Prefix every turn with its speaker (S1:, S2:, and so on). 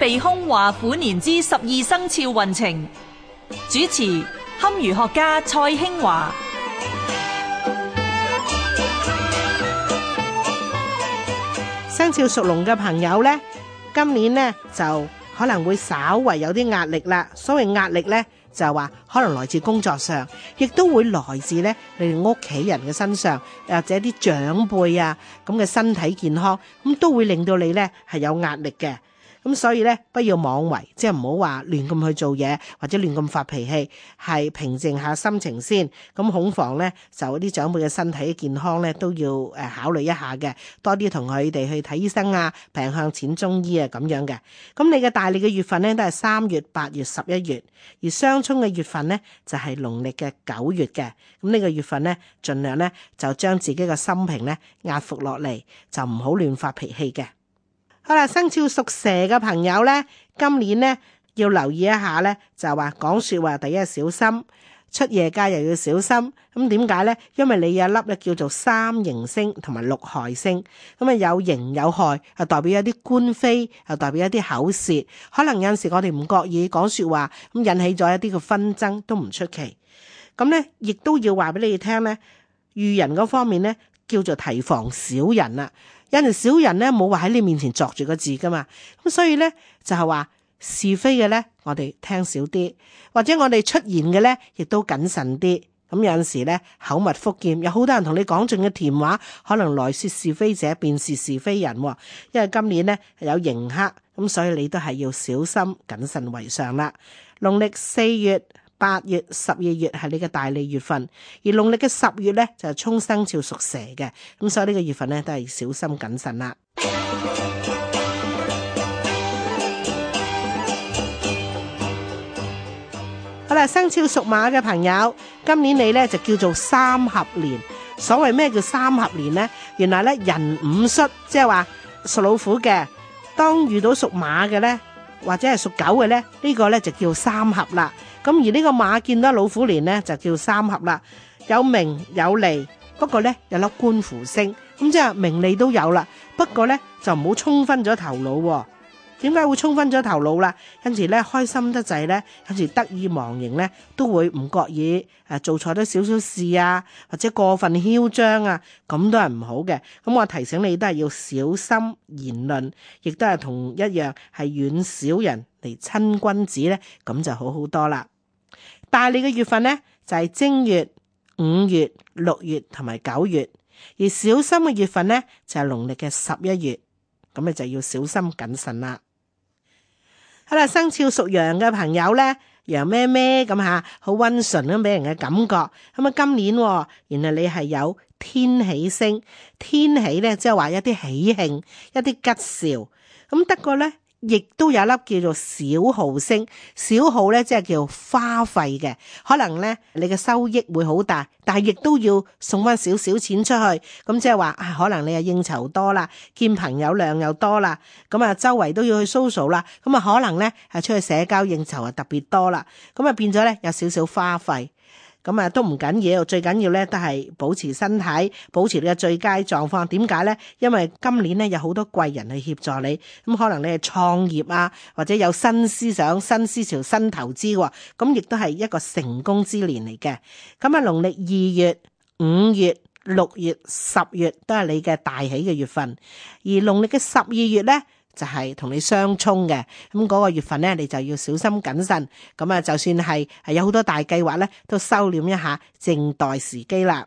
S1: 趨吉避凶話虎年之十二生肖運程。主持堪輿學家蔡興華，生肖屬龍嘅朋友呢，今年呢就可能會稍為有啲壓力啦。所謂壓力呢，就話可能來自工作上，亦都會來自呢你哋屋企人嘅身上，或者啲長輩啊咁嘅身體健康，咁都會令到你呢係有壓力嘅。咁所以咧，不要妄為，即係唔好話亂咁去做嘢，或者亂咁發脾氣，係平靜下心情先。咁恐防咧，就啲長輩嘅身體健康咧，都要誒考慮一下嘅，多啲同佢哋去睇醫生啊，病向淺中醫啊，咁樣嘅。咁你嘅大利嘅月份咧，都係三月、八月、十一月，而相沖嘅月份咧，就係農曆嘅九月嘅。咁呢個月份咧，盡量咧就將自己嘅心平咧壓服落嚟，就唔好亂發脾氣嘅。生肖屬蛇嘅朋友咧，今年咧要留意一下咧，就係話講說話第一小心，出夜街又要小心。咁點解咧？因為你有一粒咧叫做三刑星同埋六害星，咁啊有刑有害，又代表一啲官非，又代表一啲口舌，可能有陣時我哋唔覺意講說話，咁引起咗一啲嘅紛爭都唔出奇。咁咧，亦都要話俾你聽咧，遇人嗰方面咧。叫做提防小人啊，有陣小人咧冇話喺你面前作住個字噶嘛，咁所以咧就係話是非嘅咧，我哋聽少啲，或者我哋出言嘅咧，亦都謹慎啲。咁有陣時咧口蜜腹劍，有好多人同你講盡嘅甜話，可能來說是非者便是是非人。因為今年咧有刑克，咁所以你都係要小心謹慎為上啦。農曆四月。八月、十二月係呢個大利月份，而農曆嘅十月呢，就係衝生肖屬蛇嘅，咁所以呢個月份呢，都係小心謹慎啦。 好啦，生肖屬馬嘅朋友，今年你呢，就叫做三合年。所謂咩叫三合年呢？原來呢，寅午戌，即係話屬老虎嘅，當遇到屬馬嘅呢。或者係屬狗嘅呢，呢、呢個呢就叫三合啦。咁而呢個馬見到老虎年呢就叫三合啦。有名有利，不過呢有粒官符星，咁即係名利都有啦。不過呢就唔好沖昏咗頭腦。點解會沖昏咗頭腦啦？跟住咧，開心得滯咧，跟住得意忘形咧，都會唔覺意誒做錯咗少少事啊，或者過分囂張啊，咁都係唔好嘅。咁我提醒你都係要小心言論，亦都係同一樣係遠小人嚟親君子咧，咁就好好多啦。大利你嘅月份咧就係、是、正月、五月、六月同埋九月，而小心嘅月份咧就係農曆嘅十一月，咁你就要小心謹慎啦。好啦，生肖屬羊嘅朋友咧，羊咩咩咁吓，好溫順咁俾人嘅感覺。咁啊，今年原來你係有天喜星，天喜咧即係話一啲喜慶，一啲吉兆。咁得個咧。亦都有一粒叫做小號星，小號咧即係叫花費嘅，可能咧你嘅收益會好大，但係亦都要送翻少少錢出去，咁即係話啊，可能你又應酬多啦，見朋友量又多啦，咁啊周圍都要去 social 啦，咁啊可能咧係出去社交應酬啊特別多啦，咁啊變咗咧有少少花費。咁啊，都唔緊要，最緊要咧都係保持身體，保持你嘅最佳狀況。點解咧？因為今年咧有好多貴人去協助你，咁可能你係創業啊，或者有新思想、新思潮、新投資啊，咁亦都係一個成功之年嚟嘅。咁啊，農曆二月、五月、六月、十月都係你嘅大喜嘅月份，而農曆嘅十二月咧，就係同你相沖嘅，咁嗰個月份咧，你就要小心謹慎，咁啊，就算係係有好多大計劃咧，都收斂一下，靜待時機啦。